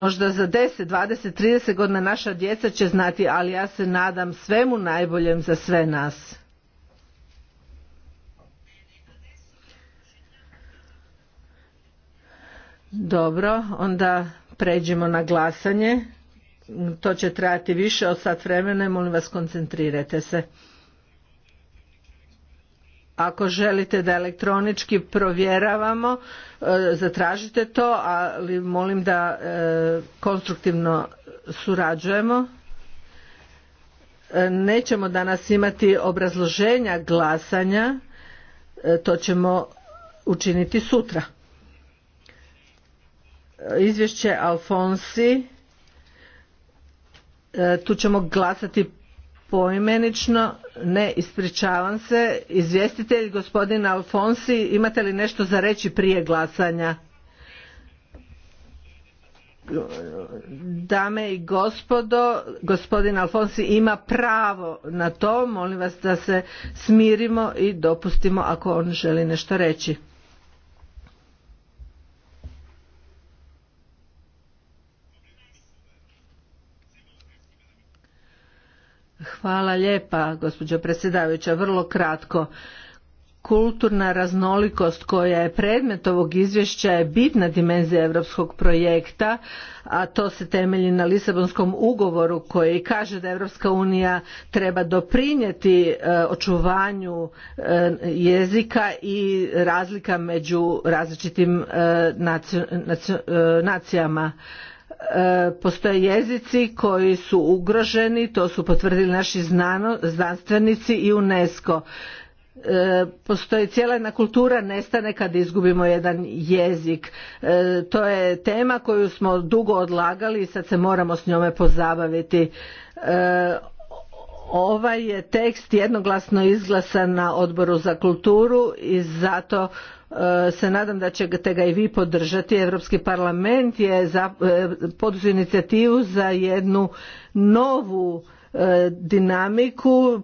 možda za 10, 20, 30 godina naša djeca će znati, ali ja se nadam svemu najboljem za sve nas. Dobro, onda pređemo na glasanje. To će trajati više od sat vremena i molim vas koncentrirajte se ako želite da elektronički provjeravamo e, zatražite to ali molim da e, konstruktivno surađujemo e, nećemo danas imati obrazloženja glasanja to ćemo učiniti sutra izvješće Alfonsi tu ćemo glasati poimenično, ne ispričavam se, izvjestitelj gospodin Alfonsi, imate li nešto za reći prije glasanja? Dame i gospodo, gospodin Alfonsi ima pravo na to, molim vas da se smirimo i dopustimo ako on želi nešto reći. Hvala lijepa, gospođo predsjedavajuća. Vrlo kratko. Kulturna raznolikost koja je predmet ovog izvješća je bitna dimenzija europskog projekta, a to se temelji na Lisabonskom ugovoru koji kaže da Europska unija treba doprinijeti e, očuvanju e, jezika i razlika među različitim e, nacijama. E, postoje jezici koji su ugroženi, to su potvrdili naši znanstvenici i UNESCO. E, postoji cijela jedna kultura nestane kad izgubimo jedan jezik. E, to je tema koju smo dugo odlagali i sad se moramo s njome pozabaviti. Ovaj je tekst jednoglasno izglasan na odboru za kulturu i zato E, se nadam da ćete ga i vi podržati. Europski parlament je e, poduzio inicijativu za jednu novu e, dinamiku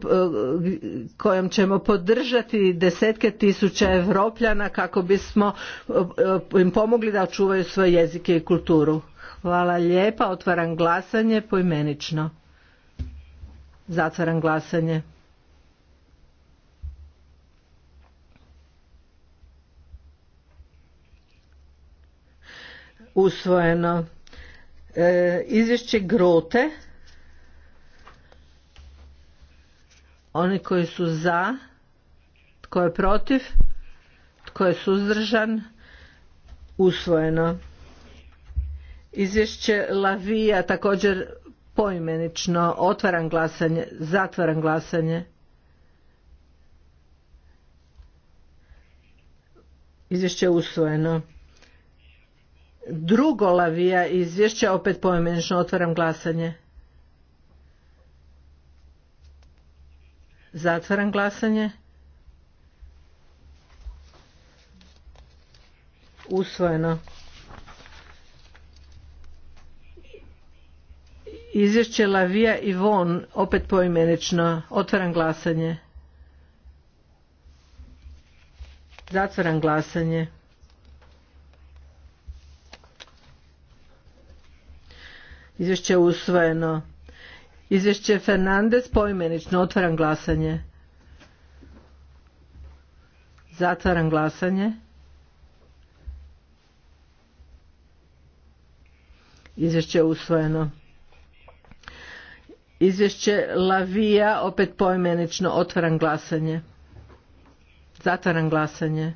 kojom ćemo podržati desetke tisuća Europljana kako bismo im pomogli da očuvaju svoje jezike i kulturu. Hvala lijepa. Otvaram glasanje poimenično. Zatvaram glasanje. usvojeno. E, izvješće Grote. Oni koji su za, tko je protiv, tko je suzdržan, usvojeno. Izvješće Lavija također poimenično. Otvaran glasanje, Zatvaran glasanje. Izvješće usvojeno drugo lavija izvješća, opet pojmenično otvaram glasanje. Zatvaram glasanje. Usvojeno. Izvješće Lavija i Von, opet poimenično. Otvaram glasanje. Zatvaram glasanje. Izvješće je usvojeno. Izvješće Fernandez poimenično. Otvaram glasanje. Zatvaram glasanje. Izvješće je usvojeno. Izvješće Lavija opet poimenično. Otvaram glasanje. Zatvaram glasanje.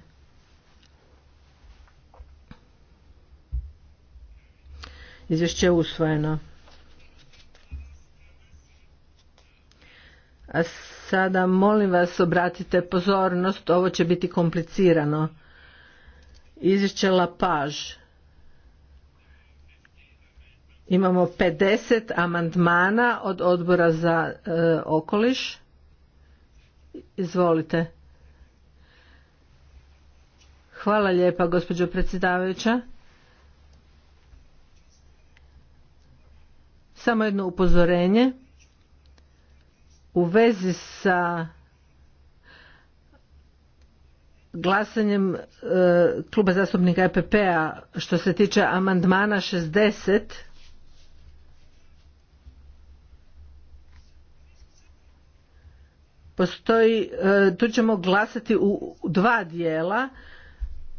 Izvješće je usvojeno. A sada molim vas obratite pozornost, ovo će biti komplicirano. Izvješće Lapaž. Imamo 50 amandmana od odbora za e, okoliš. Izvolite. Hvala lijepa gospođo predsjedavajuća. Samo jedno upozorenje. U vezi sa glasanjem e, kluba zastupnika EPP-a što se tiče amandmana 60 postoji e, tu ćemo glasati u dva dijela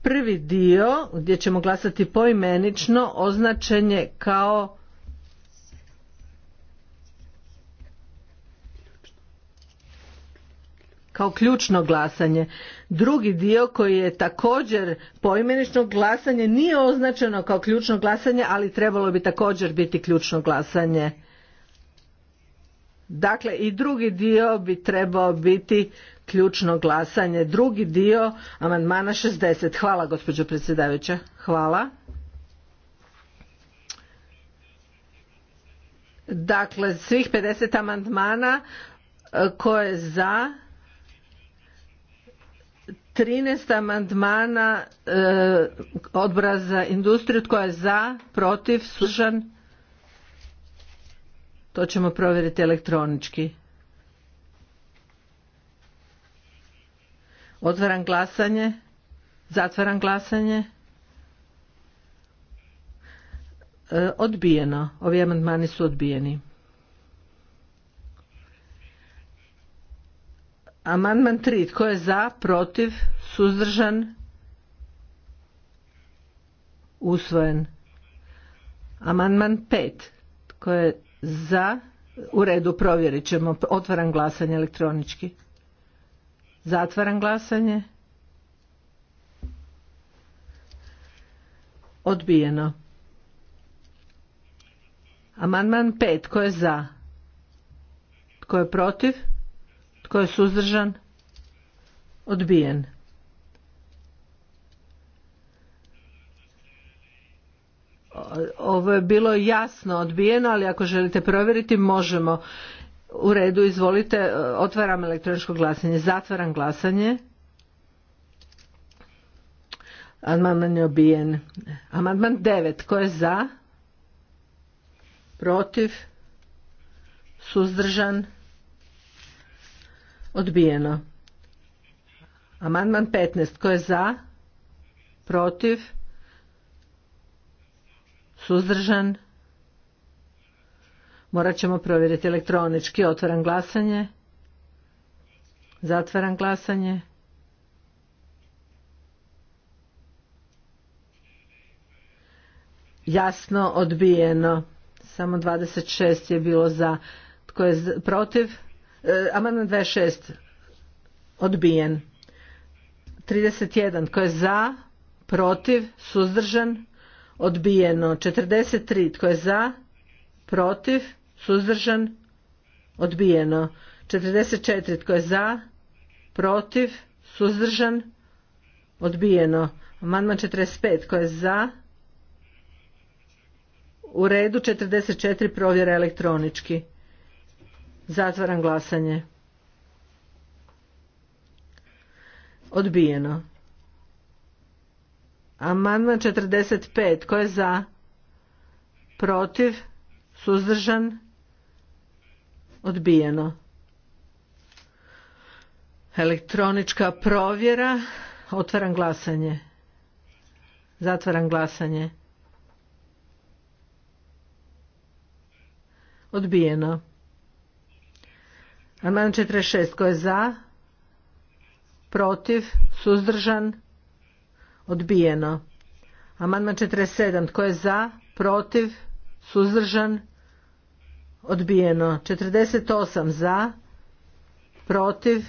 prvi dio gdje ćemo glasati poimenično označen je kao kao ključno glasanje. Drugi dio koji je također poimenično glasanje nije označeno kao ključno glasanje, ali trebalo bi također biti ključno glasanje. Dakle, i drugi dio bi trebao biti ključno glasanje. Drugi dio amandmana 60. Hvala, gospođo predsjedavajuća. Hvala. Dakle, svih 50 amandmana e, koje za 13 amandmana e, odbora za industriju. Tko je za, protiv, sužan? To ćemo provjeriti elektronički. Otvaram glasanje. Zatvaram glasanje. E, odbijeno. Ovi amandmani su odbijeni. Amandman 3. Tko je za, protiv, suzdržan? Usvojen. Amandman 5. Tko je za? U redu provjerit ćemo. Otvaram glasanje elektronički. Zatvaram glasanje. Odbijeno. Amandman 5. Tko je za? Tko je protiv? Tko je suzdržan? Odbijen. Ovo je bilo jasno odbijeno, ali ako želite provjeriti možemo. U redu, izvolite, otvaram elektroničko glasanje, zatvaram glasanje. Amandman je obijen. Amandman 9. Tko je za? Protiv? Suzdržan? Odbijeno. Amandman 15. Tko je za? Protiv? Suzdržan? Morat ćemo provjeriti elektronički. Otvaram glasanje. Zatvaram glasanje. Jasno odbijeno. Samo 26 je bilo za. Tko je protiv? E, amandman 26 odbijen. 31 tko je za, protiv, suzdržan, odbijeno. 43 tko je za, protiv, suzdržan, odbijeno. 44 tko je za, protiv, suzdržan, odbijeno. Amandman 45 tko je za, u redu 44 provjera elektronički. Zatvaram glasanje. Odbijeno. Amandman 45. Ko je za? Protiv? Suzdržan? Odbijeno. Elektronička provjera. Otvaram glasanje. Zatvaram glasanje. Odbijeno. Amandman 46 tko je za? Protiv? Suzdržan? Odbijeno. Amandman 47 tko je za? Protiv? Suzdržan? Odbijeno. 48 za? Protiv?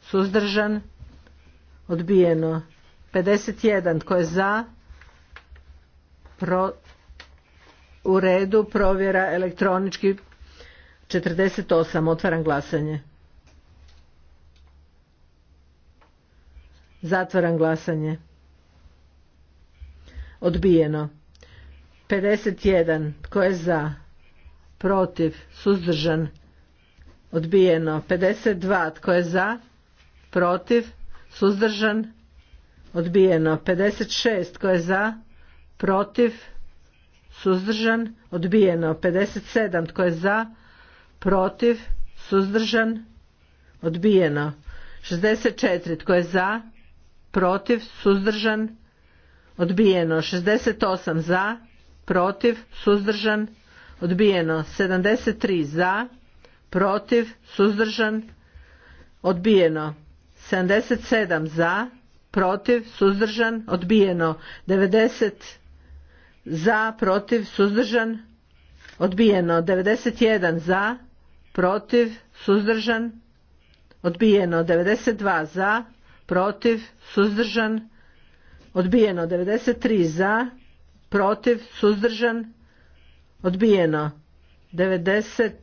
Suzdržan? Odbijeno. 51 tko je za? u redu provjera elektronički 48. Otvaram glasanje. Zatvaram glasanje. Odbijeno. 51. Tko je za? Protiv. Suzdržan. Odbijeno. 52. Tko je za? Protiv. Suzdržan. Odbijeno. 56. Tko je za? Protiv. Suzdržan. Odbijeno. 57. Tko je za? protiv, suzdržan, odbijeno. 64 tko je za, protiv, suzdržan, odbijeno. 68 za, protiv, suzdržan, odbijeno. 73 za, protiv, suzdržan, odbijeno. 77 za, protiv, suzdržan, odbijeno. 90 za, protiv, suzdržan, odbijeno. 91 za, protiv, suzdržan, odbijeno 92 za, protiv, suzdržan, odbijeno 93 za, protiv, suzdržan, odbijeno 93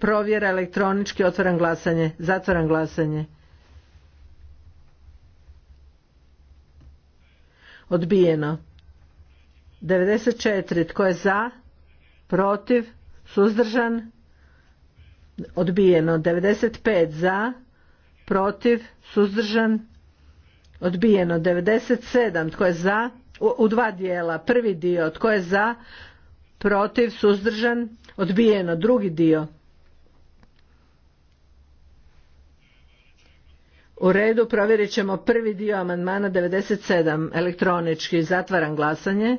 provjera elektronički, otvoran glasanje, zatvaram glasanje. Odbijeno. 94. Tko je za? Protiv? Suzdržan? odbijeno 95 za protiv suzdržan odbijeno 97 tko je za u dva dijela prvi dio tko je za protiv suzdržan odbijeno drugi dio U redu provjerit ćemo prvi dio amandmana 97 elektronički zatvaram glasanje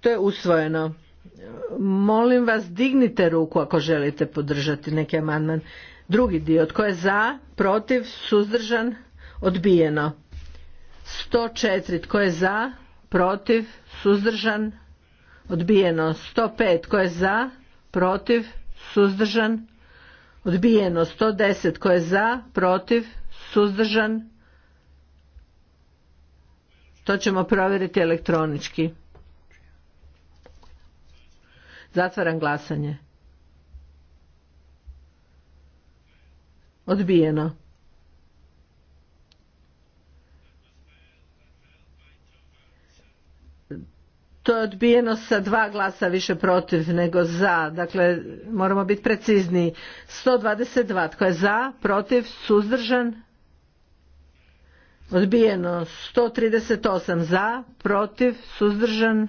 to je usvojeno molim vas dignite ruku ako želite podržati neki amandman. Drugi dio, tko je za, protiv, suzdržan, odbijeno. 104, tko je za, protiv, suzdržan, odbijeno. 105, tko je za, protiv, suzdržan, odbijeno. 110, tko je za, protiv, suzdržan, to ćemo provjeriti elektronički. Zatvaram glasanje. Odbijeno. To je odbijeno sa dva glasa više protiv nego za. Dakle, moramo biti precizniji. 122. Tko je za, protiv, suzdržan? Odbijeno. 138. Za, protiv, suzdržan?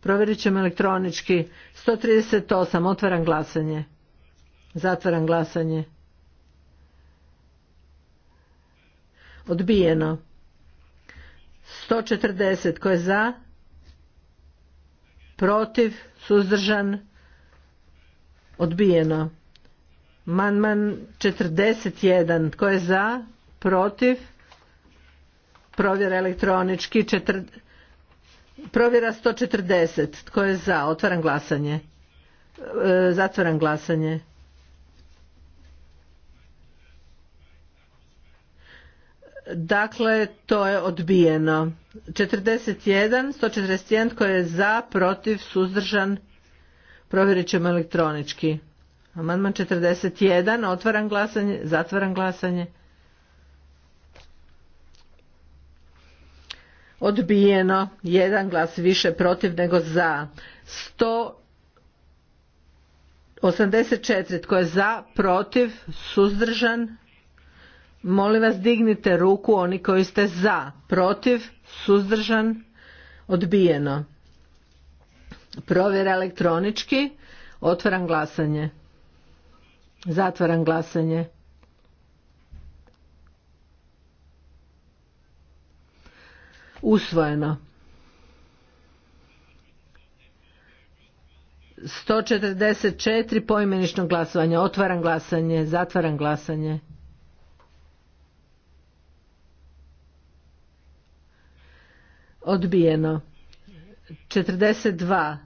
Provjerit ćemo elektronički. 138. Otvaram glasanje. Zatvaram glasanje. Odbijeno. 140. Ko je za? Protiv? Suzdržan? Odbijeno. Manman 41. Tko je za? Protiv? Provjera elektronički. 40 Provjera 140. Tko je za? Otvaram glasanje. E, zatvaram glasanje. Dakle, to je odbijeno. 41, 141 tko je za, protiv, suzdržan. Provjerit ćemo elektronički. Amandman 41, otvaram glasanje, zatvaram glasanje. odbijeno jedan glas više protiv nego za 184 tko je za protiv suzdržan molim vas dignite ruku oni koji ste za protiv suzdržan odbijeno provjera elektronički otvaram glasanje zatvaram glasanje usvojeno 144 poimenično glasovanje otvaram glasanje zatvaram glasanje odbijeno 42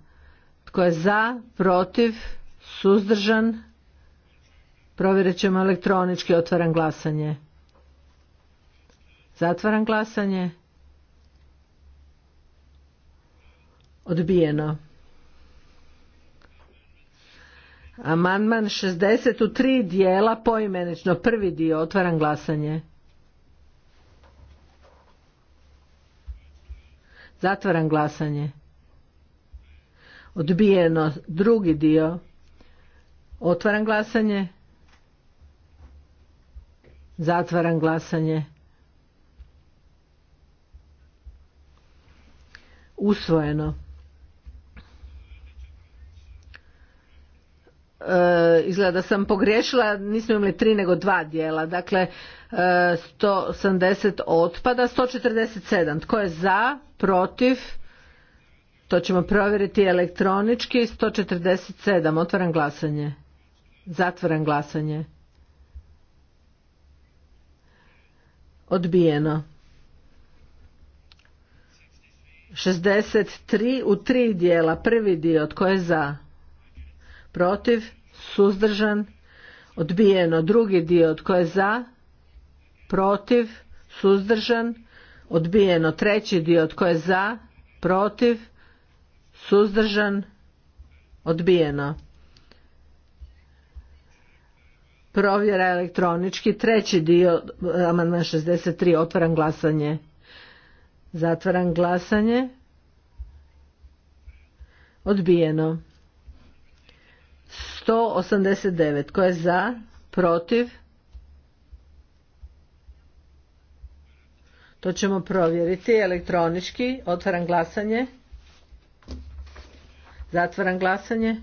tko je za protiv suzdržan provjerit ćemo elektronički otvaram glasanje zatvaram glasanje Odbijeno. Amandman 60 u tri dijela poimenično. Prvi dio, otvaram glasanje. Zatvaram glasanje. Odbijeno drugi dio. Otvaram glasanje. Zatvaram glasanje. Usvojeno. Eh, izgleda da sam pogriješila, nismo imali tri nego dva dijela, dakle 180 eh, otpada, 147, tko je za, protiv, to ćemo provjeriti elektronički, 147, otvaram glasanje, zatvaram glasanje. Odbijeno. 63 u tri dijela, prvi dio, tko je za? protiv, suzdržan, odbijeno. Drugi dio tko je za, protiv, suzdržan, odbijeno. Treći dio tko je za, protiv, suzdržan, odbijeno. Provjera elektronički. Treći dio, amandman 63, otvaram glasanje. Zatvaram glasanje. Odbijeno. 189. Ko je za? Protiv? To ćemo provjeriti elektronički. Otvaram glasanje. Zatvaram glasanje.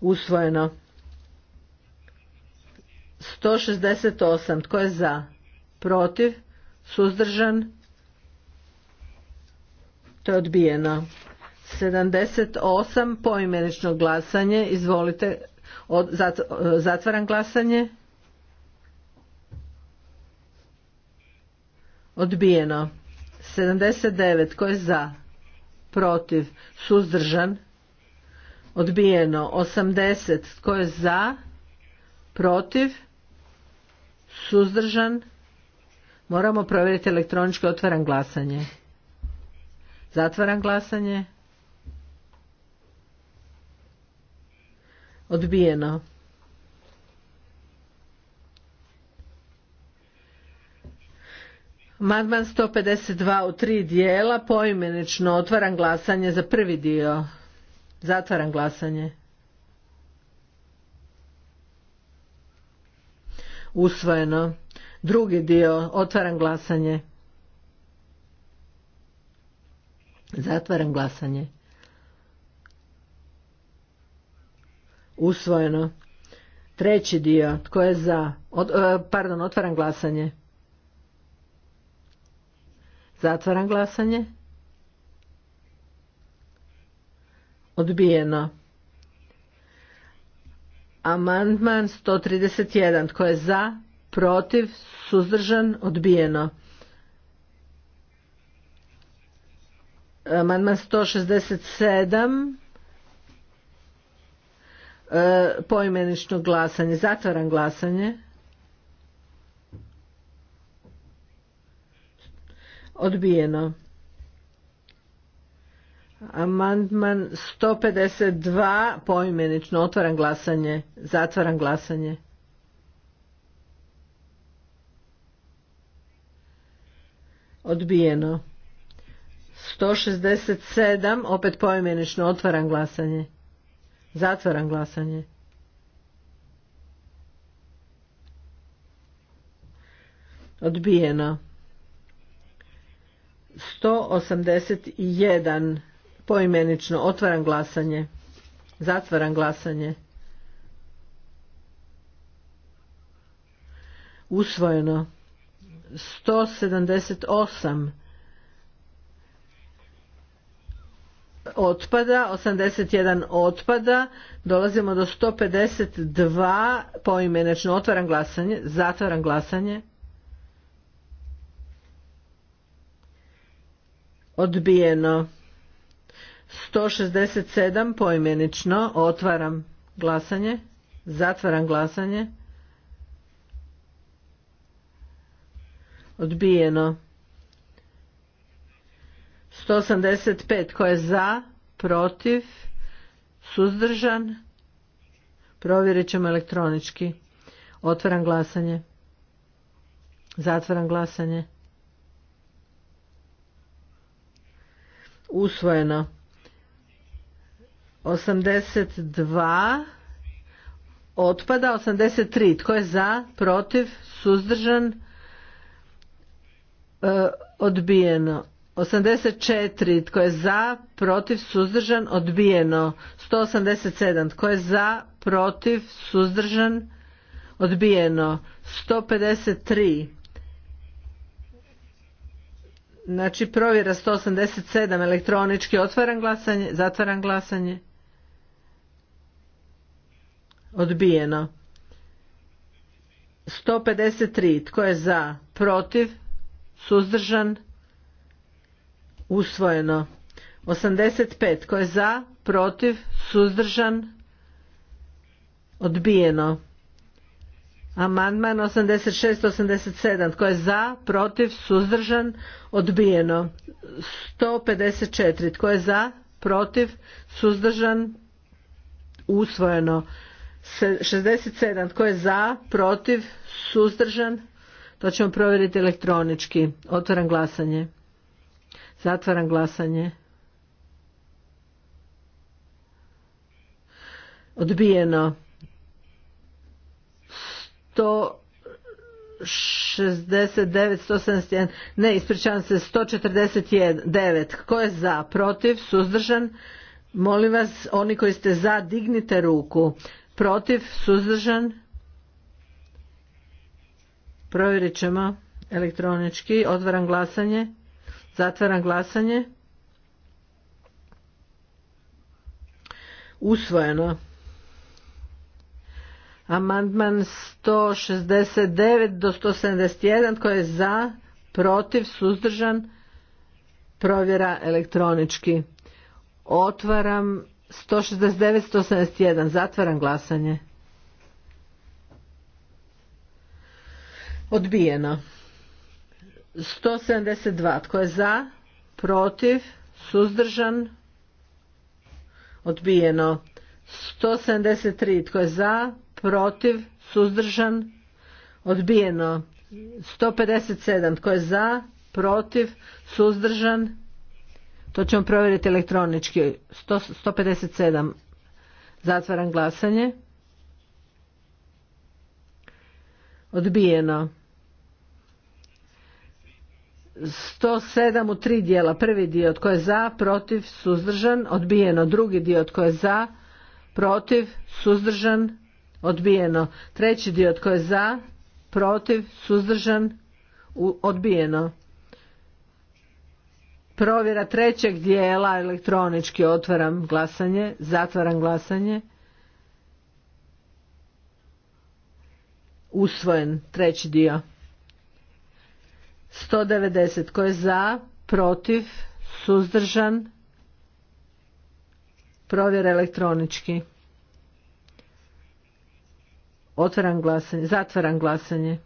Usvojeno. 168. Tko je za? Protiv? Suzdržan? To je odbijeno. 78 poimenično glasanje. Izvolite, od, zatvaram glasanje. Odbijeno. 79 tko je za? Protiv, suzdržan. Odbijeno. 80 tko je za? Protiv, suzdržan. Moramo provjeriti elektroničko otvaram glasanje. Zatvaram glasanje. odbijeno. Madman 152 u tri dijela poimenično otvaram glasanje za prvi dio. Zatvaram glasanje. Usvojeno. Drugi dio otvaram glasanje. Zatvaram glasanje. usvojeno treći dio tko je za e, pardon otvaram glasanje zatvaram glasanje odbijeno amandman 131 tko je za protiv suzdržan odbijeno amandman 167 E, poimenično glasanje. Zatvaram glasanje. Odbijeno. Amandman 152 poimenično otvaram glasanje, zatvaram glasanje. Odbijeno. 167 opet poimenično otvaram glasanje. Zatvaram glasanje. Odbijeno. 181 poimenično otvaram glasanje. Zatvaram glasanje. Usvojeno. 178 otpada, 81 otpada, dolazimo do 152 poimenečno otvaram glasanje, zatvaram glasanje. Odbijeno. 167 poimenično otvaram glasanje, zatvaram glasanje. Odbijeno. 185 koje je za, protiv, suzdržan. Provjerit ćemo elektronički. Otvaram glasanje. Zatvaram glasanje. Usvojeno. 82 otpada. 83 tko je za, protiv, suzdržan. E, odbijeno. 84 tko je za, protiv, suzdržan, odbijeno. 187 tko je za, protiv, suzdržan, odbijeno. 153 Znači provjera 187 elektronički otvaram glasanje, zatvaram glasanje. Odbijeno. 153 tko je za, protiv, suzdržan, odbijeno usvojeno 85 tko je za protiv suzdržan odbijeno amandman 86 87 tko je za protiv suzdržan odbijeno 154 tko je za protiv suzdržan usvojeno 67 tko je za protiv suzdržan to ćemo provjeriti elektronički otvaram glasanje Zatvaram glasanje. Odbijeno. 169, 171, ne, ispričavam se, 149. Ko je za, protiv, suzdržan? Molim vas, oni koji ste za, dignite ruku. Protiv, suzdržan? Provjerit ćemo elektronički. Otvaram glasanje. Zatvaram glasanje. Usvojeno. Amandman 169 do 171 koji je za, protiv, suzdržan, provjera elektronički. Otvaram 169, 171, zatvaram glasanje. Odbijeno. 172. Tko je za? Protiv? Suzdržan? Odbijeno. 173. Tko je za? Protiv? Suzdržan? Odbijeno. 157. Tko je za? Protiv? Suzdržan? To ćemo provjeriti elektronički. 157. Zatvaram glasanje. Odbijeno. 107 u tri dijela. Prvi dio tko je za, protiv, suzdržan, odbijeno. Drugi dio tko je za, protiv, suzdržan, odbijeno. Treći dio tko je za, protiv, suzdržan, odbijeno. Provjera trećeg dijela elektronički otvaram glasanje, zatvaram glasanje. Usvojen treći dio. 190 tko je za, protiv, suzdržan, provjer elektronički. Otvaram glasanje, zatvaram glasanje.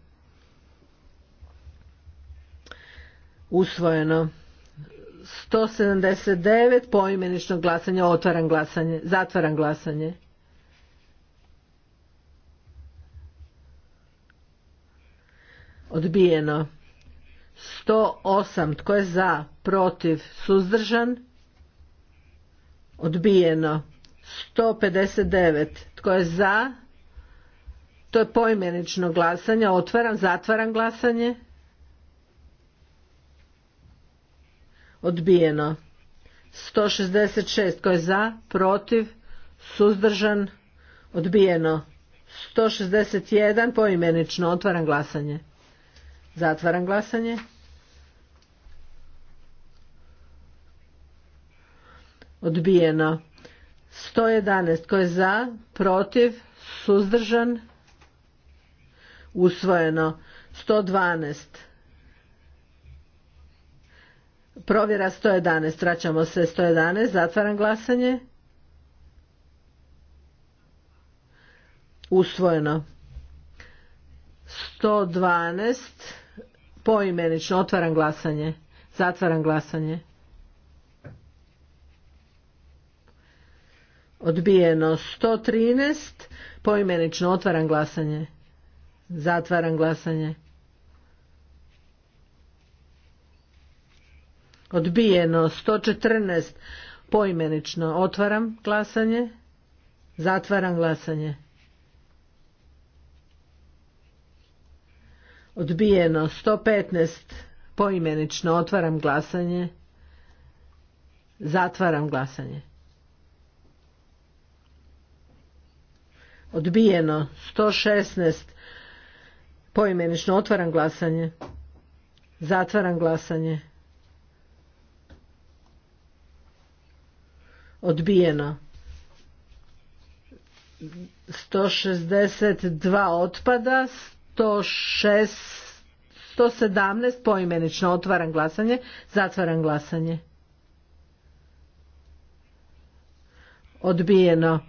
Usvojeno. 179 poimenično glasanje, otvaram glasanje, zatvaram glasanje. Odbijeno. 108 tko je za protiv suzdržan odbijeno 159 tko je za to je poimenično glasanje otvaram zatvaram glasanje odbijeno 166 tko je za protiv suzdržan odbijeno 161 poimenično otvaram glasanje Zatvaram glasanje. Odbijeno. 111. Tko je za? Protiv? Suzdržan? Usvojeno. 112. Provjera 111. Vraćamo se 111. Zatvaram glasanje. Usvojeno. 112 poimenično. Otvaram glasanje. Zatvaram glasanje. Odbijeno 113. Poimenično otvaram glasanje. Zatvaram glasanje. Odbijeno 114. Poimenično otvaram glasanje. Zatvaram glasanje. odbijeno 115 poimenično otvaram glasanje zatvaram glasanje odbijeno 116 poimenično otvaram glasanje zatvaram glasanje odbijeno 162 otpada 106, 117 poimenično otvaram glasanje, zatvaram glasanje. Odbijeno.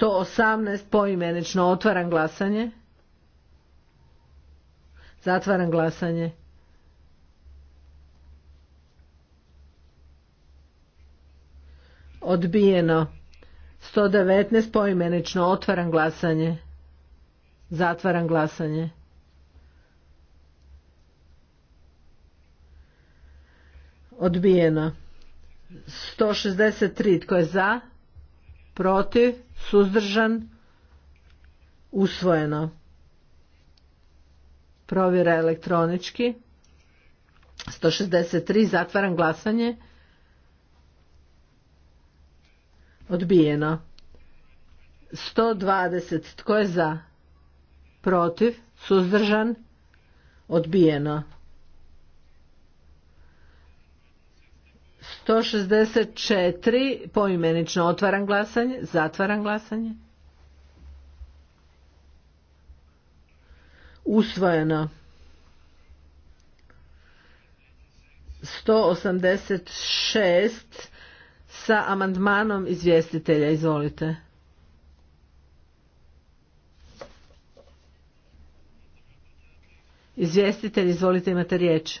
118 poimenično otvaram glasanje. Zatvaram glasanje. Odbijeno. 119 poimenično otvaram glasanje. Zatvaram glasanje. Odbijeno. 163 tko je za, protiv, suzdržan, usvojeno. Provjera elektronički. 163 zatvaram glasanje. Odbijeno. 120 tko je za, protiv, suzdržan, odbijeno. 164 poimenično otvaram glasanje, zatvaram glasanje. Usvojeno. 186 sa amandmanom izvjestitelja, izvolite. Izvjestitelj, izvolite imate riječ.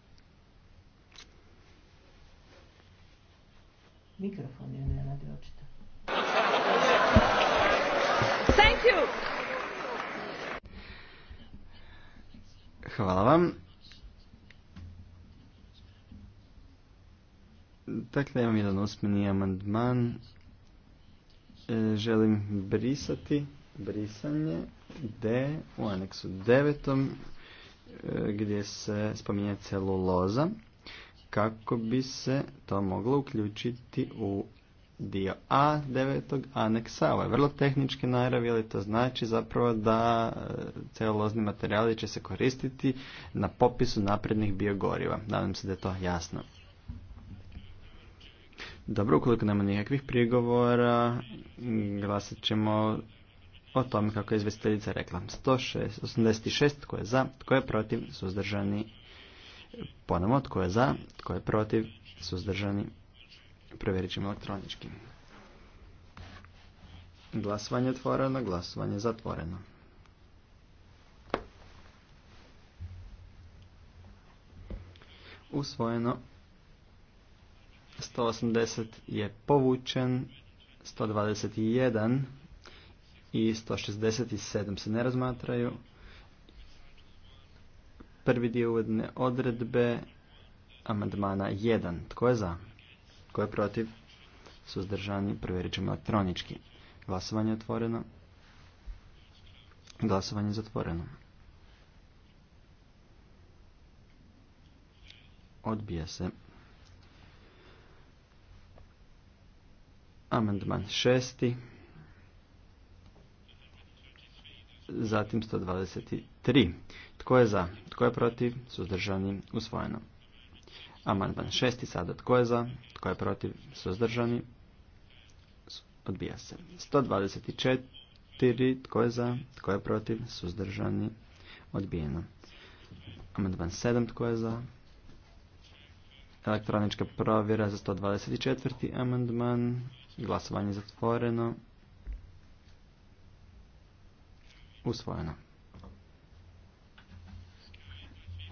Mikrofon je ne radi očito. Thank you. Hvala vam. Dakle, imam jedan osmeni amandman. E, želim brisati, brisanje D u aneksu 9 e, gdje se spominje celuloza kako bi se to moglo uključiti u dio A devetog aneksa. Ovo je vrlo tehnički naravi, ali to znači zapravo da e, celulozni materijali će se koristiti na popisu naprednih biogoriva. Nadam se da je to jasno. Dobro, ukoliko nema nikakvih prigovora, glasat ćemo o tome kako je izvesteljica rekla. 186, tko je za, tko je protiv, suzdržani, ponovno tko je za, tko je protiv, suzdržani, provjerit ćemo elektronički. Glasovanje otvoreno, glasovanje zatvoreno. Usvojeno. 180 je povučen, 121 i 167 se ne razmatraju, Prvi dio odredbe amandmana 1. Tko je za? Tko je protiv? Suzdržani. Provjerit ćemo elektronički. Glasovanje je otvoreno. Glasovanje je zatvoreno. Odbija se. Amandman šesti. Zatim 123. Tko je za? Tko je protiv? Suzdržani? Usvojeno. Amandman šesti sada. Tko je za? Tko je protiv? Suzdržani? Odbija se. 124. Tko je za? Tko je protiv? Suzdržani? Odbijeno. Amandman 7. Tko je za? Elektronička provjera za 124. amandman. Glasovanje zatvoreno. Usvojeno.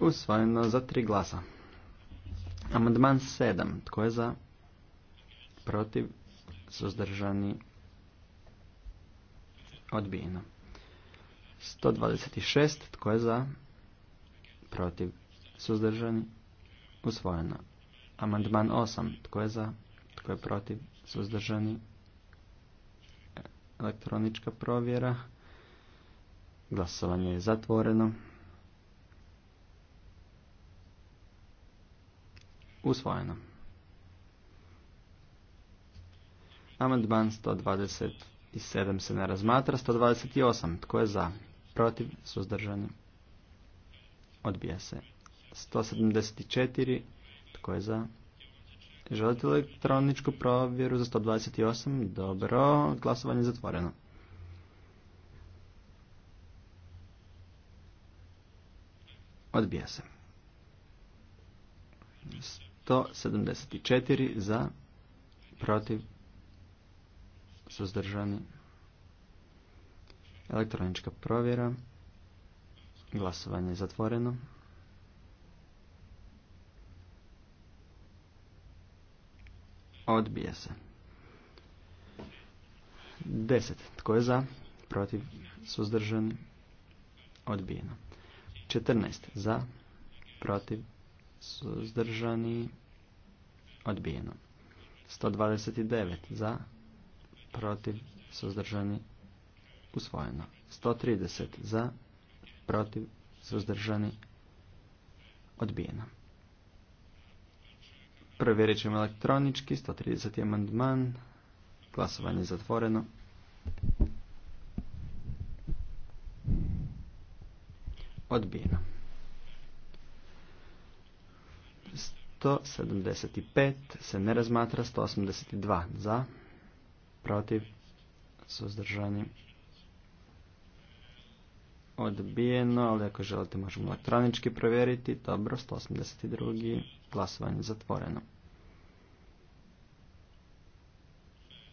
Usvojeno za tri glasa. Amandman 7. Tko je za? Protiv? Suzdržani? Odbijeno. 126. Tko je za? Protiv? Suzdržani? Usvojeno. Amandman 8. Tko je za? Tko je protiv? Suzdržani? Elektronička provjera. Glasovanje je zatvoreno. Usvojeno. Amandman 127 se ne razmatra. 128. Tko je za? Protiv? Suzdržani? Odbija se. 174. Tko je za? Želite elektroničku provjeru za 128? Dobro. Glasovanje je zatvoreno. Odbija se. 174 za, protiv, suzdržani. Elektronička provjera. Glasovanje je zatvoreno. Odbija se. 10. Tko je za? Protiv? Suzdržani? Odbijeno. 14. Za? Protiv? suzdržani, odbijeno. 129 za, protiv, suzdržani, usvojeno. 130 za, protiv, suzdržani, odbijeno. Provjerit ćemo elektronički, 130. amandman, glasovanje zatvoreno. Odbijeno. 175 se ne razmatra, 182 za, protiv, suzdržani, odbijeno, ali ako želite možemo elektronički provjeriti, dobro, 182, glasovanje zatvoreno.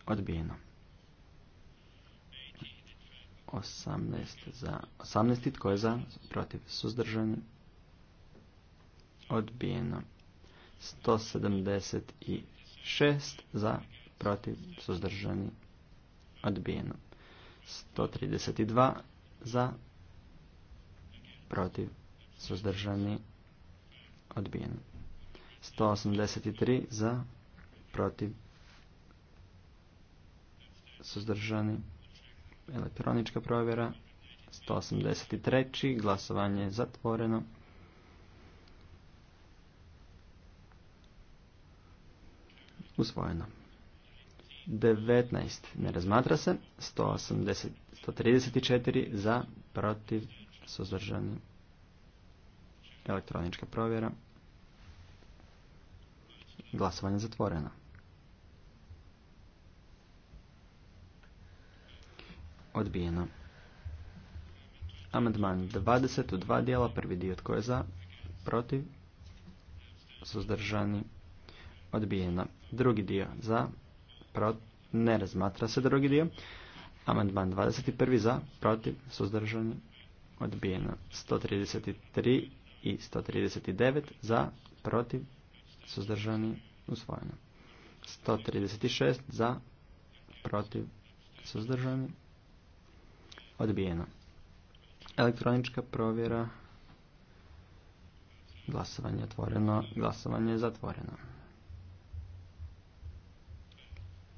Odbijeno. 18 za, 18 tko je za, protiv, suzdržani, odbijeno. 176 za, protiv, suzdržani, odbijeno. 132 za, protiv, suzdržani, odbijeno. 183 za, protiv, suzdržani, elektronička provjera. 183. Glasovanje je zatvoreno. Usvojeno. 19. Ne razmatra se. 180, 134 za protiv suzdržani. Elektronička provjera. Glasovanje zatvoreno. Odbijeno. Amandman 20 u dva dijela. Prvi dio tko je za, protiv, suzdržani, odbijeno. Drugi dio za, ne razmatra se drugi dio. Amandman 21. za, protiv, suzdržani, odbijeno. 133 i 139 za, protiv, suzdržani, usvojeno. 136 za, protiv, suzdržani, odbijeno. Elektronička provjera, glasovanje otvoreno, glasovanje je zatvoreno.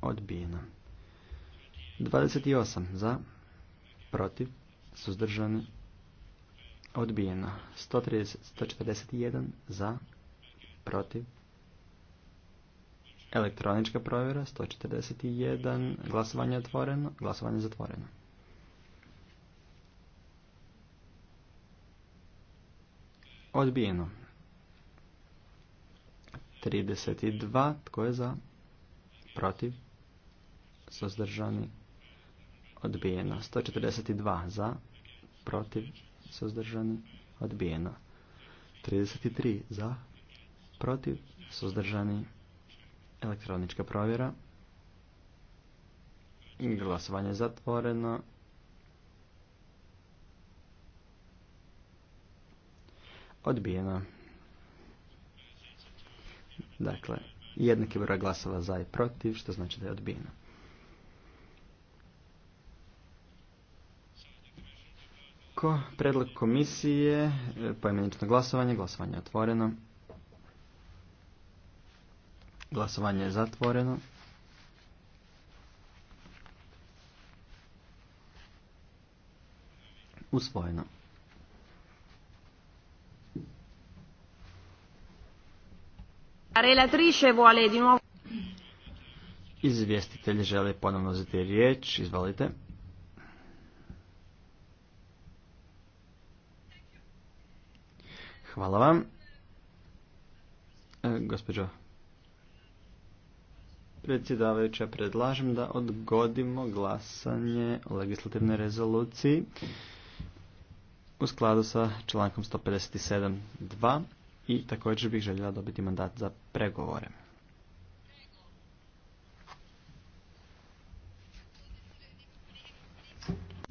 Odbijeno. 28 za, protiv, suzdržani, odbijeno. 130, 141 za, protiv. Elektronička provjera, 141, glasovanje otvoreno, glasovanje zatvoreno. Odbijeno. 32, tko je za, protiv, suzdržani, odbijeno. 142 za, protiv, suzdržani, odbijeno. 33 za, protiv, suzdržani, elektronička provjera. Glasovanje zatvoreno. Odbijeno. Dakle, jednaki broj glasova za i protiv, što znači da je odbijeno. Ovako, predlog komisije, e, poimenično glasovanje, glasovanje je otvoreno. Glasovanje je zatvoreno. Usvojeno. Relatrice vuole želi ponovno uzeti riječ, izvolite. Hvala vam. E, gospođo predsjedavajuća, predlažem da odgodimo glasanje o legislativnoj rezoluciji u skladu sa člankom 157.2 i također bih željela dobiti mandat za pregovore.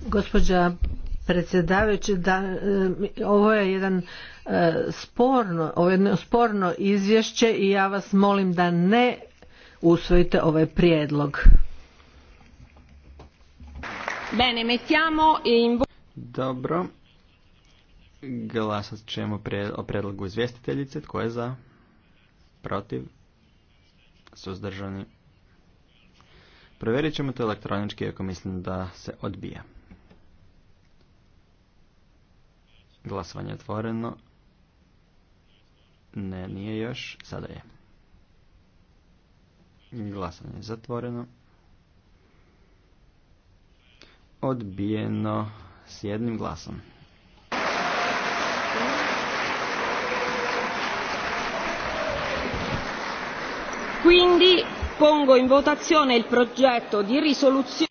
Gospođa predsjedavajući da e, ovo je jedan e, sporno, ovo je jedno sporno izvješće i ja vas molim da ne usvojite ovaj prijedlog. Bene, mettiamo Dobro. Glasat ćemo o prijedlogu izvjestiteljice. Tko je za? Protiv? Suzdržani? Provjerit ćemo to elektronički ako mislim da se odbija. Glasovanje otvoreno. Ne, nije još. Sada je. Glasovanje zatvoreno. Odbijeno s jednim glasom. Quindi pongo in votazione il progetto di risoluzione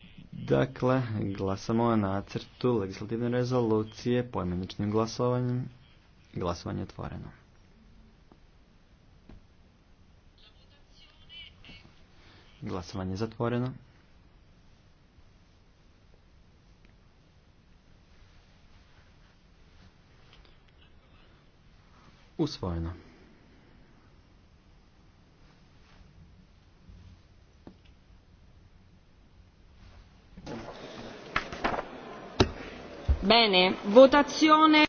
Dakle, glasamo o nacrtu legislativne rezolucije pojmeničnim glasovanjem. Glasovanje je otvoreno. Glasovanje je zatvoreno. Usvojeno. Bene, votazione.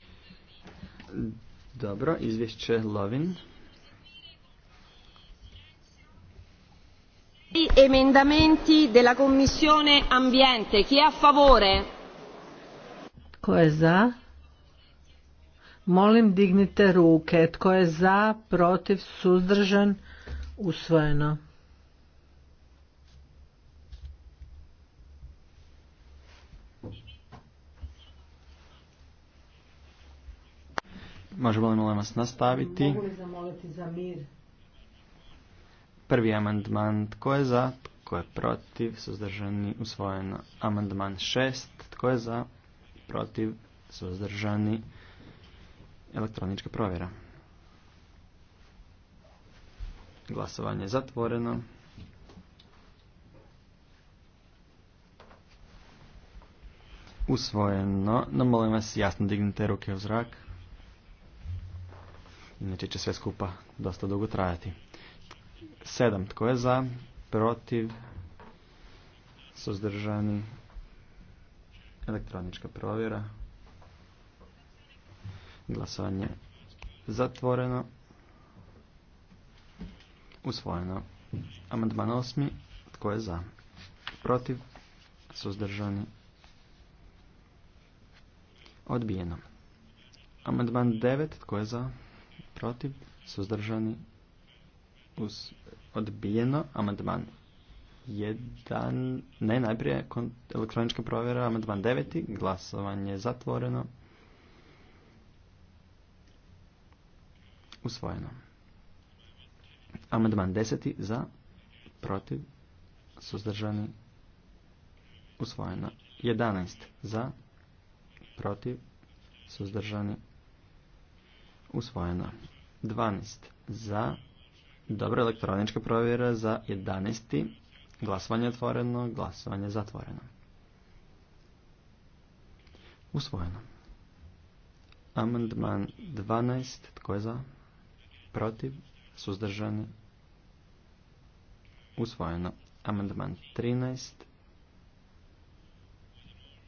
Dobro, izvješće Lovin. I emendamenti della Commissione Ambiente. Chi è a favore? Tko je za? Molim dignite ruke. Tko je za, protiv, suzdržan, usvojeno. Možemo li molim vas nastaviti? za Prvi amandman, tko je za, tko je protiv, suzdržani, usvojeno. Amandman šest, tko je za, protiv, suzdržani, elektronička provjera. Glasovanje je zatvoreno. Usvojeno, no molim vas jasno dignite ruke u zrak. Inače će sve skupa dosta dugo trajati. 7. Tko je za? Protiv? Suzdržani? Elektronička provjera. Glasovanje zatvoreno. Usvojeno. Amandman 8. Tko je za? Protiv? Suzdržani? Odbijeno. Amandman 9. Tko je za? protiv, suzdržani, uz, odbijeno, amandman 1, ne, najprije elektronička provjera, amandman 9, glasovanje zatvoreno, usvojeno. Amandman 10, za, protiv, suzdržani, usvojeno. 11, za, protiv, suzdržani, Usvojeno. 12 za. Dobro, elektronička provjera za 11. Glasovanje otvoreno, glasovanje zatvoreno. Usvojeno. Amandman 12. Tko je za? Protiv? Suzdržani? Usvojeno. Amandman 13.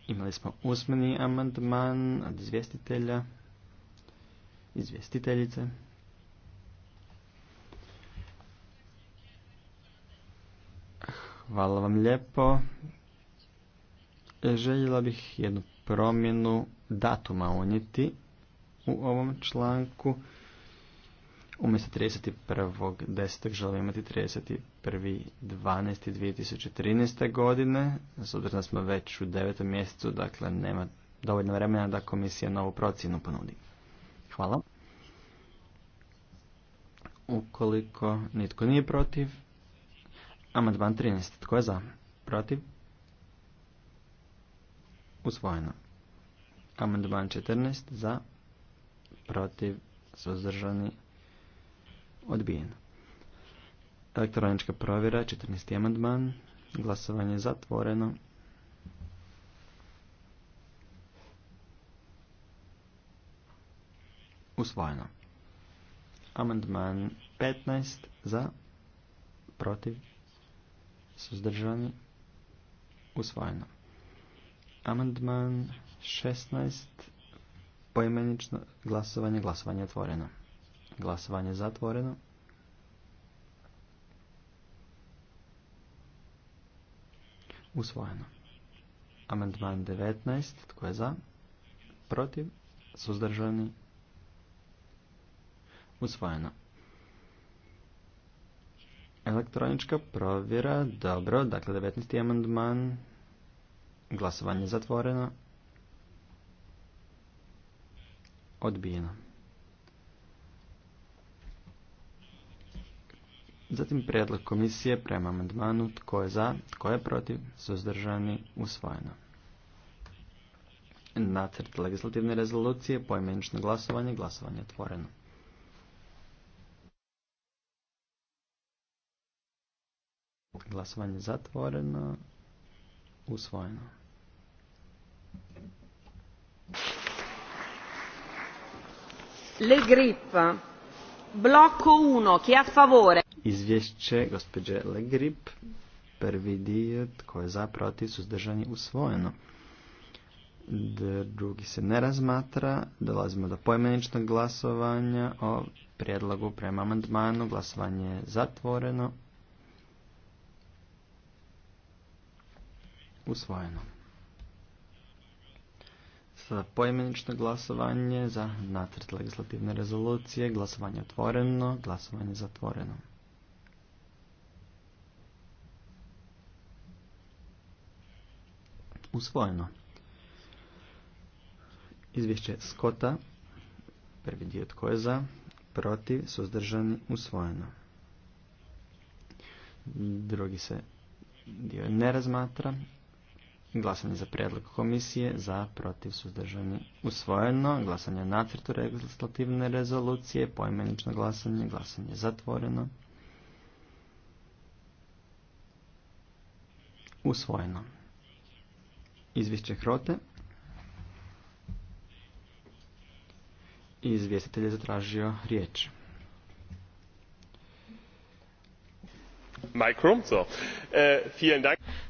Imali smo usmeni amandman od izvjestitelja izvjestiteljice. Hvala vam lijepo. Željela bih jednu promjenu datuma unijeti u ovom članku. Umjesto 31.10. želimo imati 31.12.2013. godine. S obzirom da smo već u devetom mjesecu, dakle nema dovoljno vremena da komisija novu procjenu ponudi. Hvala. Ukoliko nitko nije protiv, amandman 13. Tko je za? Protiv? Usvojeno. Amandman 14. Za? Protiv? Suzdržani? Odbijeno. Elektronička provjera, 14. amandman. Glasovanje zatvoreno. Usvojeno. Amandman 15 za, protiv, suzdržani, usvojeno. Amandman 16, poimenično glasovanje, glasovanje otvoreno. Glasovanje zatvoreno. Usvojeno. Amandman 19, tko je za, protiv, suzdržani, Usvojeno. Elektronička provjera, dobro, dakle 19. amandman, glasovanje zatvoreno, odbijeno. Zatim prijedlog komisije prema amandmanu tko je za, tko je protiv, suzdržani, usvojeno. Nacrt legislativne rezolucije, poimenično glasovanje, glasovanje otvoreno. Glasovanje zatvoreno. Usvojeno. Le 1. Chi favore? Izvješće gospođe Le Grip. Prvi dio tko je za protiv suzdržani usvojeno. Drugi se ne razmatra. Dolazimo do pojmeničnog glasovanja o prijedlogu prema amandmanu. Glasovanje je zatvoreno. Usvojeno. Sada poimenično glasovanje za nacrt legislativne rezolucije. Glasovanje otvoreno, glasovanje zatvoreno. Usvojeno. Izvješće Skota. Prvi dio tko je za, protiv, suzdržani, usvojeno. Drugi se dio ne razmatra. Glasanje za prijedlog komisije za protiv suzdržani usvojeno. Glasanje nacrtu legislativne rezolucije, poimenično glasanje, glasanje zatvoreno. Usvojeno. Izvješće Hrote. Izvjestitelj je zatražio riječ. E,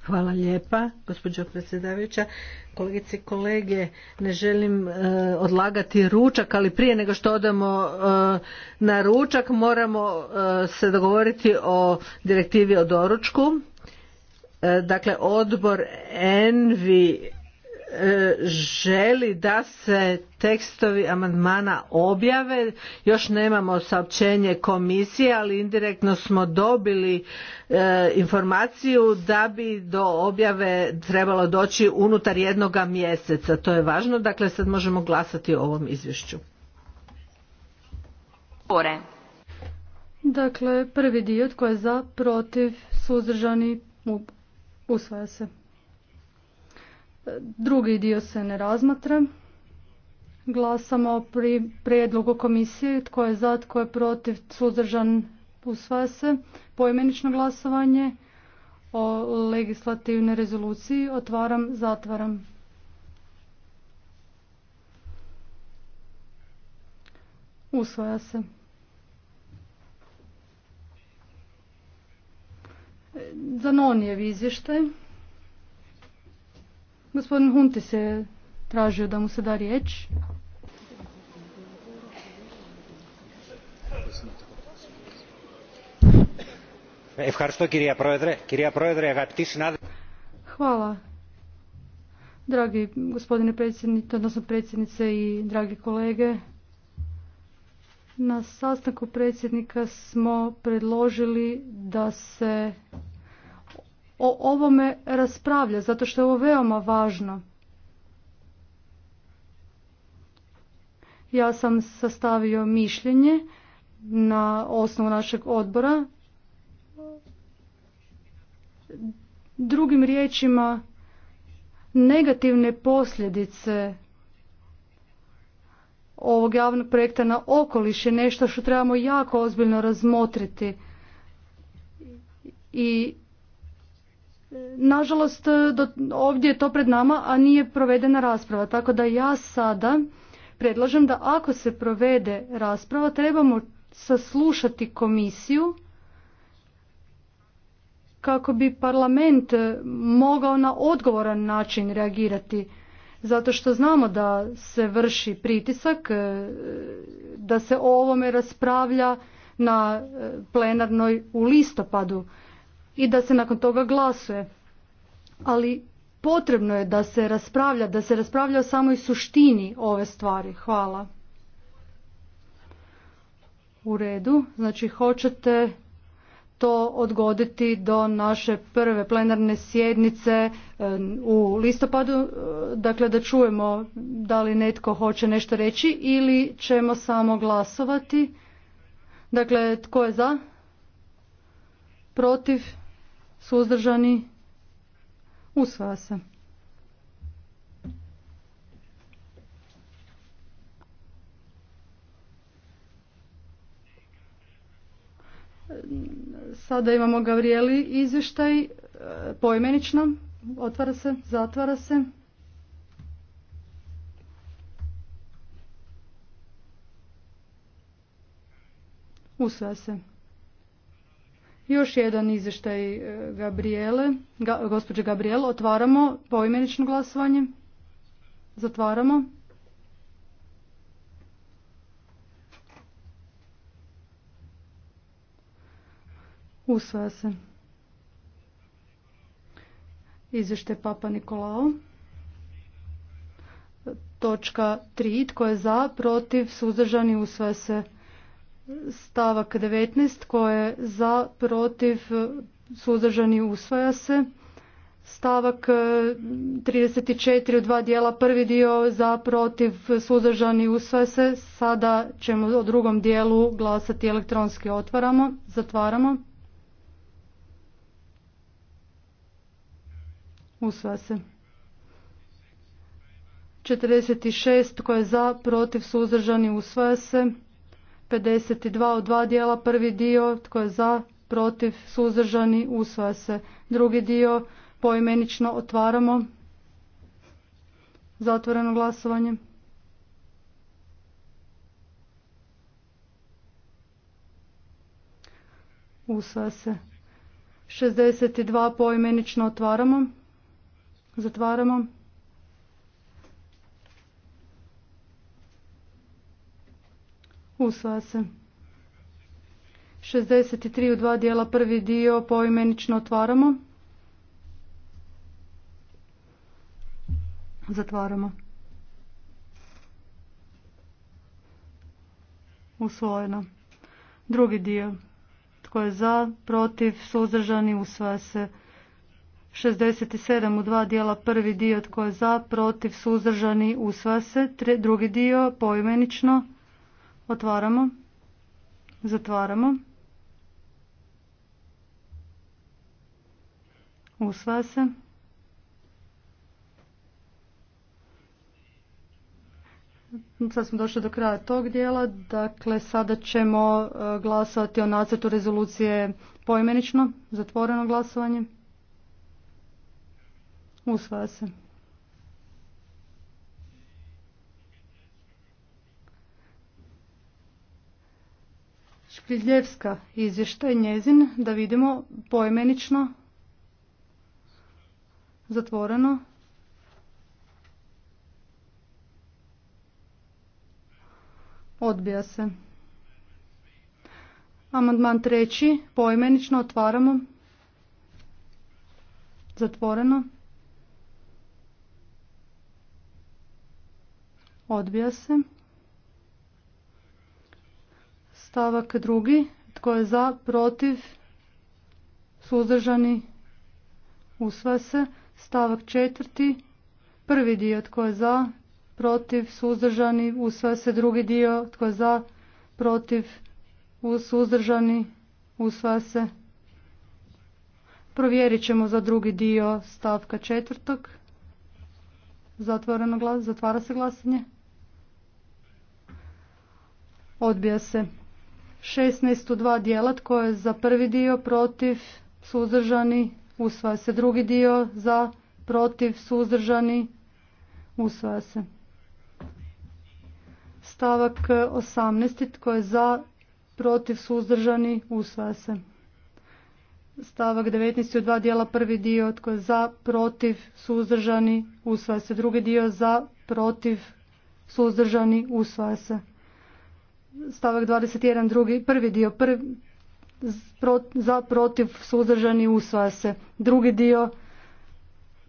Hvala lijepa, gospođo predsjedavajuća. Kolegice i kolege, ne želim e, odlagati ručak, ali prije nego što odemo e, na ručak moramo se dogovoriti o direktivi o doručku. Dakle, odbor Envi želi da se tekstovi amandmana objave. Još nemamo saopćenje komisije, ali indirektno smo dobili e, informaciju da bi do objave trebalo doći unutar jednoga mjeseca. To je važno, dakle sad možemo glasati o ovom izvješću. Dakle, prvi dio tko je za, protiv, suzdržani, usvaja se. Drugi dio se ne razmatra. Glasamo pri prijedlogu komisije. Tko je za, tko je protiv, suzdržan, usvaja se. Poimenično glasovanje o legislativnoj rezoluciji. Otvaram, zatvaram. Usvaja se. Za je izvještaj. Gospodin Hunti se tražio da mu se da riječ. Hvala. Dragi gospodine predsjedniče, odnosno predsjednice i dragi kolege, na sastanku predsjednika smo predložili da se o ovome raspravlja, zato što je ovo veoma važno. Ja sam sastavio mišljenje na osnovu našeg odbora. Drugim riječima, negativne posljedice ovog javnog projekta na okoliš je nešto što trebamo jako ozbiljno razmotriti i nažalost e, ovdje je to pred nama, a nije provedena rasprava. Tako da ja sada predlažem da ako se provede rasprava trebamo saslušati komisiju kako bi parlament e, mogao na odgovoran način reagirati zato što znamo da se vrši pritisak e, da se o ovome raspravlja na plenarnoj u listopadu i da se nakon toga glasuje. Ali potrebno je da se raspravlja, da se raspravlja o samoj suštini ove stvari. Hvala. U redu, znači hoćete to odgoditi do naše prve plenarne sjednice e, u listopadu, e, dakle da čujemo da li netko hoće nešto reći ili ćemo samo glasovati. Dakle, tko je za? Protiv? suzdržani, usvaja se. Sada imamo Gavrijeli izvještaj e, poimenično. Otvara se, zatvara se. Usvaja se. Još jedan izvještaj e, Gabriele, gospođe Gabriele, otvaramo poimenično glasovanje. Zatvaramo. Usvaja se. Izvještaj Papa Nikolao. Točka 3. Tko je za, protiv, suzdržani, usvaja se stavak 19 koje za, protiv, suzdržani usvaja se. Stavak 34 e, u dva dijela, prvi dio za, protiv, suzdržani usvaja se. Sada ćemo u drugom dijelu glasati elektronski otvaramo, zatvaramo. Usvaja se. 46 koje je za, protiv, suzdržani usvaja se. 52 od dva dijela. Prvi dio tko je za, protiv, suzdržani, usvaja se. Drugi dio poimenično otvaramo. Zatvoreno glasovanje. Usvaja se. 62 poimenično otvaramo. Zatvaramo. Usvaja se. 63 u dva dijela prvi dio poimenično otvaramo. Zatvaramo. Usvojeno. Drugi dio. Tko je za, protiv, suzdržani, usvaja se. 67 u dva dijela prvi dio. Tko je za, protiv, suzdržani, usvaja se. Drugi dio poimenično. Otvaramo. Zatvaramo. Usvaja se. Sad smo došli do kraja tog dijela. Dakle, sada ćemo e, glasovati o nacrtu rezolucije poimenično. Zatvoreno glasovanje. Usvaja se. izvješta izvještaj njezin da vidimo poimenično zatvoreno odbija se Amandman treći poimenično otvaramo zatvoreno odbija se Stavak drugi. Tko je za, protiv, suzdržani, usva se. Stavak četvrti. Prvi dio tko je za, protiv, suzdržani, usva se. Drugi dio tko je za, protiv, suzdržani, usva se. Provjerit ćemo za drugi dio stavka četvrtog. Zatvoreno zatvara se glasanje. Odbija se. 16 u dva dijela tko je za prvi dio protiv suzdržani usvaja se drugi dio za protiv suzdržani usvaja se stavak 18 tko je za protiv suzdržani usvaja se stavak 19 u dva dijela prvi dio tko je za protiv suzdržani usvaja se drugi dio za protiv suzdržani usvaja se stavak 21 drugi, prvi dio za protiv suzdržani usvaja se drugi dio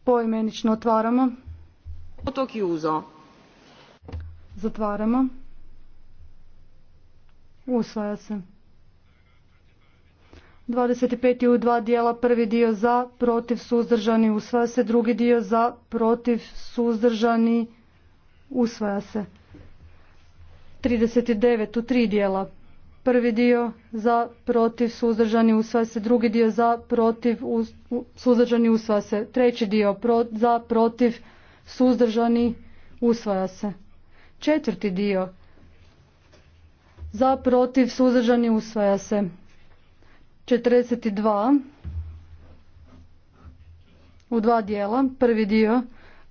poimenično otvaramo uzo zatvaramo usvaja se 25. u dva dijela, prvi dio za, protiv, suzdržani, usvaja se, drugi dio za, protiv, suzdržani, usvaja se. 39 u tri dijela. Prvi dio za, protiv, suzdržani, usvaja se. Drugi dio za, protiv, suzdržani, usvaja se. Treći dio za, protiv, suzdržani, usvaja se. Četvrti dio za, protiv, suzdržani, usvaja se. 42 u dva dijela. Prvi dio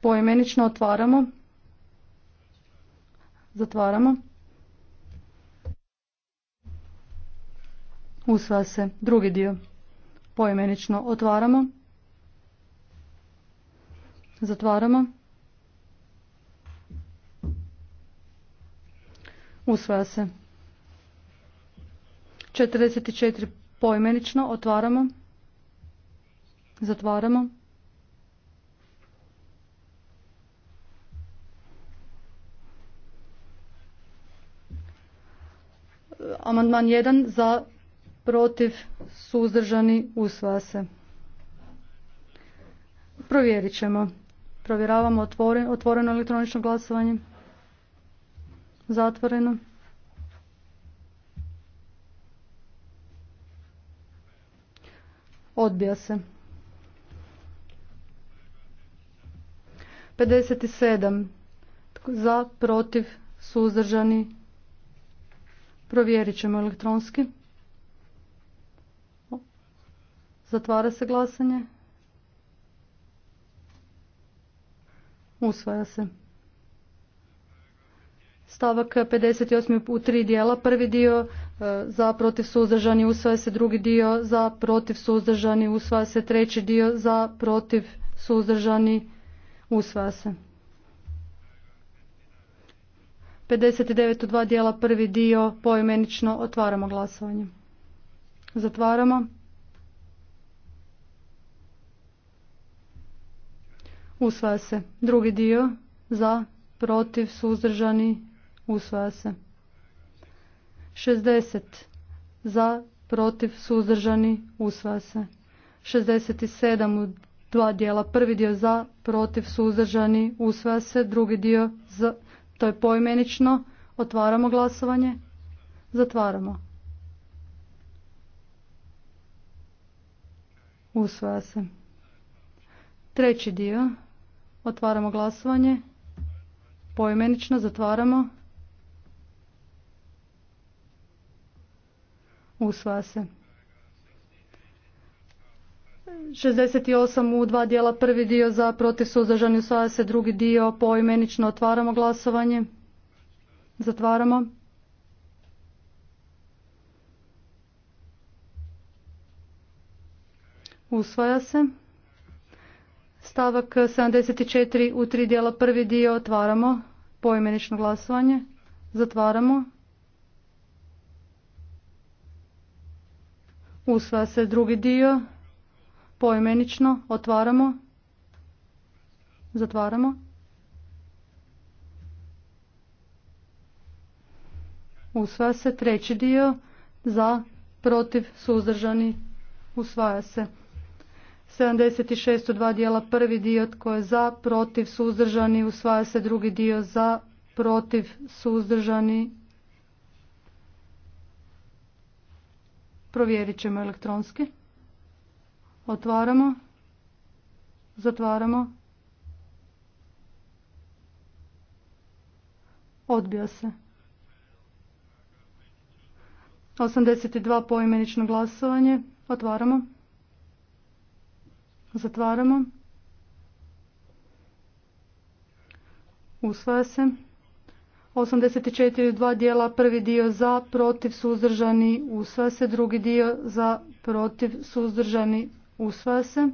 poimenično otvaramo. Zatvaramo. Usvaja se. Drugi dio. Poimenično otvaramo. Zatvaramo. Usvaja se. 44 poimenično otvaramo. Zatvaramo. Amandman 1 za protiv, suzdržani, usvaja se. Provjerit ćemo. Provjeravamo otvoreno, elektronično glasovanje. Zatvoreno. Odbija se. 57. Za, protiv, suzdržani. Provjerit ćemo elektronski. Zatvara se glasanje. Usvaja se. Stavak 58. u tri dijela. Prvi dio e, za protiv suzdržani usvaja se. Drugi dio za protiv suzdržani usvaja se. Treći dio za protiv suzdržani usvaja se. 59 u dva dijela prvi dio poimenično otvaramo glasovanje. Zatvaramo. Usvaja se. Drugi dio za, protiv, suzdržani, usvaja se. 60 za, protiv, suzdržani, usvaja se. 67 u dva dijela. Prvi dio za, protiv, suzdržani, usvaja se. Drugi dio za, to je poimenično. Otvaramo glasovanje. Zatvaramo. Usvaja se. Treći dio Otvaramo glasovanje. Poimenično zatvaramo. Usvaja se. 68 u dva dijela, prvi dio za, protiv suzdržani, usvaja se, drugi dio poimenično otvaramo glasovanje. Zatvaramo. Usvaja se. Stavak 74 u tri dijela. Prvi dio otvaramo. Poimenično glasovanje. Zatvaramo. Usvaja se drugi dio. Poimenično otvaramo. Zatvaramo. Usvaja se treći dio. Za, protiv, suzdržani. Usvaja se. 76 u dva dijela prvi dio tko je za, protiv, suzdržani, usvaja se drugi dio za, protiv, suzdržani. Provjerit ćemo elektronski. Otvaramo. Zatvaramo. Odbija se. 82 poimenično glasovanje. Otvaramo. Zatvaramo. Usvaja se. 84 dva dijela, prvi dio za, protiv, suzdržani, usvaja se, drugi dio za, protiv, suzdržani, usvaja se.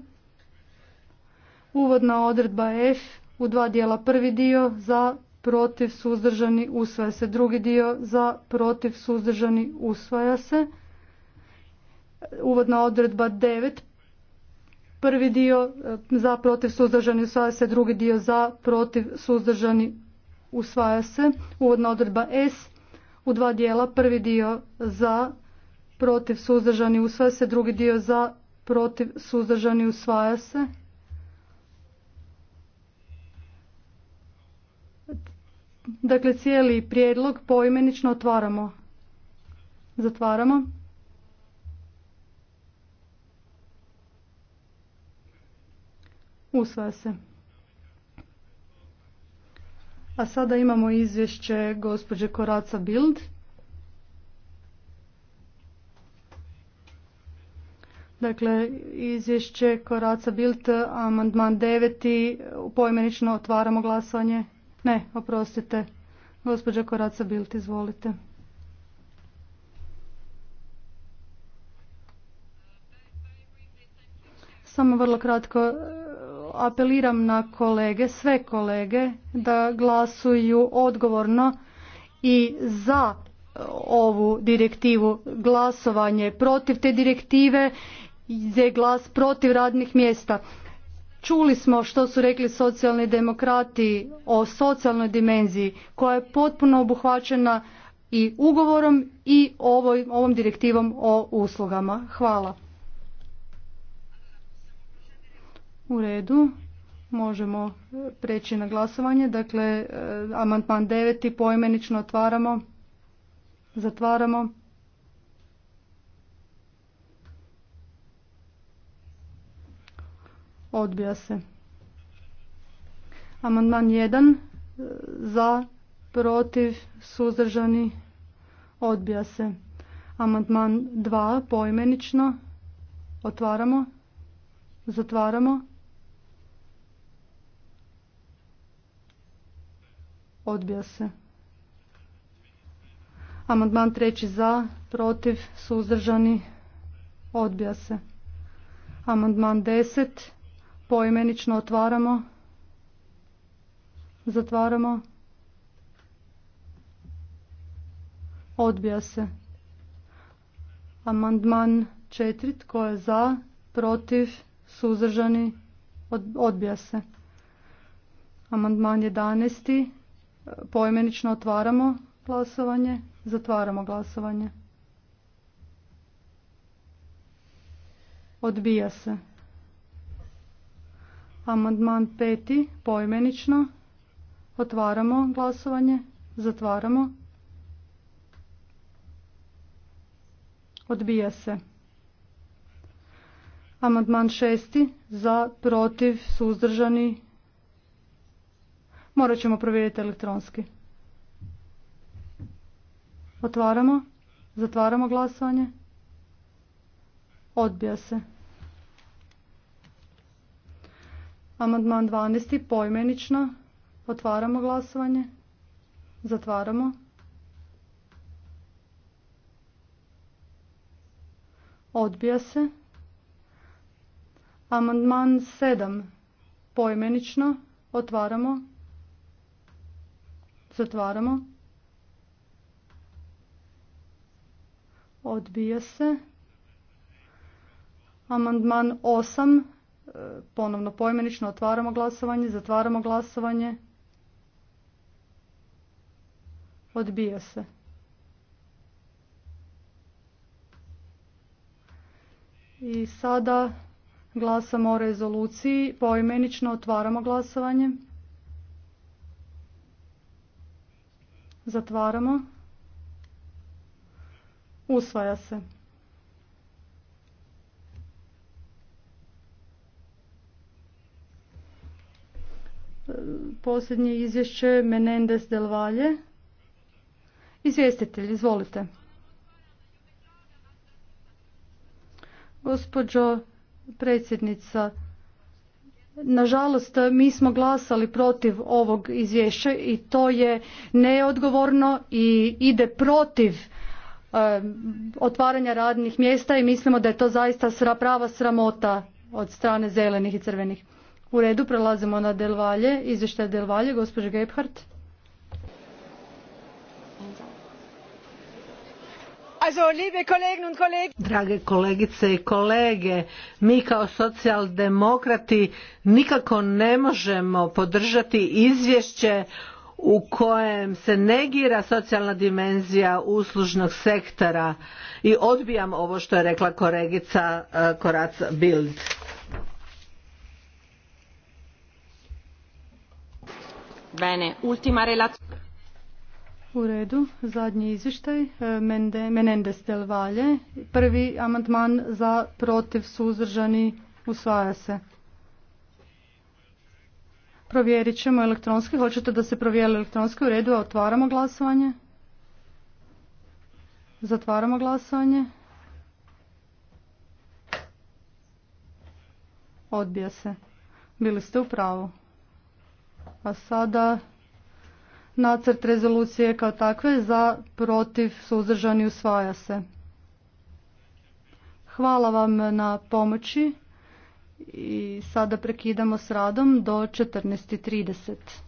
Uvodna odredba F u dva dijela, prvi dio za, protiv, suzdržani, usvaja se, drugi dio za, protiv, suzdržani, usvaja se. Uvodna odredba 9, Prvi dio e, za protiv suzdržani usvaja se, drugi dio za protiv suzdržani usvaja se. Uvodna odredba S u dva dijela. Prvi dio za protiv suzdržani usvaja se, drugi dio za protiv suzdržani usvaja se. Dakle, cijeli prijedlog poimenično otvaramo. Zatvaramo. Usvaja se. A sada imamo izvješće gospođe Koraca Bild. Dakle, izvješće Koraca Bild, amandman 9. Pojmenično otvaramo glasovanje. Ne, oprostite. Gospođa Koraca Bild, izvolite. Samo vrlo kratko apeliram na kolege, sve kolege, da glasuju odgovorno i za e, ovu direktivu glasovanje protiv te direktive je glas protiv radnih mjesta. Čuli smo što su rekli socijalni demokrati o socijalnoj dimenziji koja je potpuno obuhvaćena i ugovorom i ovom direktivom o uslugama. Hvala. U redu. Možemo e, preći na glasovanje. Dakle, e, amantman 9. poimenično otvaramo. Zatvaramo. Odbija se. Amandman jedan e, Za, protiv, suzdržani. Odbija se. Amandman dva Poimenično. Otvaramo. Zatvaramo. Odbija se. Amandman treći za, protiv, suzdržani, odbija se. Amandman deset, poimenično otvaramo, zatvaramo, odbija se. Amandman četiri, tko je za, protiv, suzdržani, odbija se. Amandman jedanaest Poimenično otvaramo glasovanje, zatvaramo glasovanje. Odbija se. Amandman peti, poimenično. Otvaramo glasovanje, zatvaramo. Odbija se. Amandman šesti, za, protiv, suzdržani, Morat ćemo provjeriti elektronski. Otvaramo. Zatvaramo glasovanje. Odbija se. Amandman 12. Pojmenično. Otvaramo glasovanje. Zatvaramo. Odbija se. Amandman 7. Pojmenično. Otvaramo. Zatvaramo. Odbija se. Amandman 8. E, ponovno pojmenično otvaramo glasovanje, zatvaramo glasovanje. Odbija se. I sada glasamo o rezoluciji. Pojmenično otvaramo glasovanje. Zatvaramo. Usvaja se. Posljednje izvješće Menendez del Valle. Izvjestitelj, izvolite. Gospođo predsjednica Nažalost, mi smo glasali protiv ovog izvješća i to je neodgovorno i ide protiv otvaranja radnih mjesta i mislimo da je to zaista prava sramota od strane zelenih i crvenih. U redu prelazimo na Delvalje, izvještaj Delvalje, gospođa Gebhardt. Drage kolegice i kolege, mi kao socijaldemokrati nikako ne možemo podržati izvješće u kojem se negira socijalna dimenzija uslužnog sektora i odbijam ovo što je rekla kolegica e, Korac Bild. Bene, u redu, zadnji izvještaj, e, Menendez del Valle. Prvi amandman za protiv suzdržani usvaja se. Provjerit ćemo elektronski. Hoćete da se provjeri elektronski u redu, a otvaramo glasovanje? Zatvaramo glasovanje. Odbija se. Bili ste u pravu. A sada Nacrt rezolucije kao takve za protiv suzdržani usvaja se. Hvala vam na pomoći i sada prekidamo s radom do 14.30.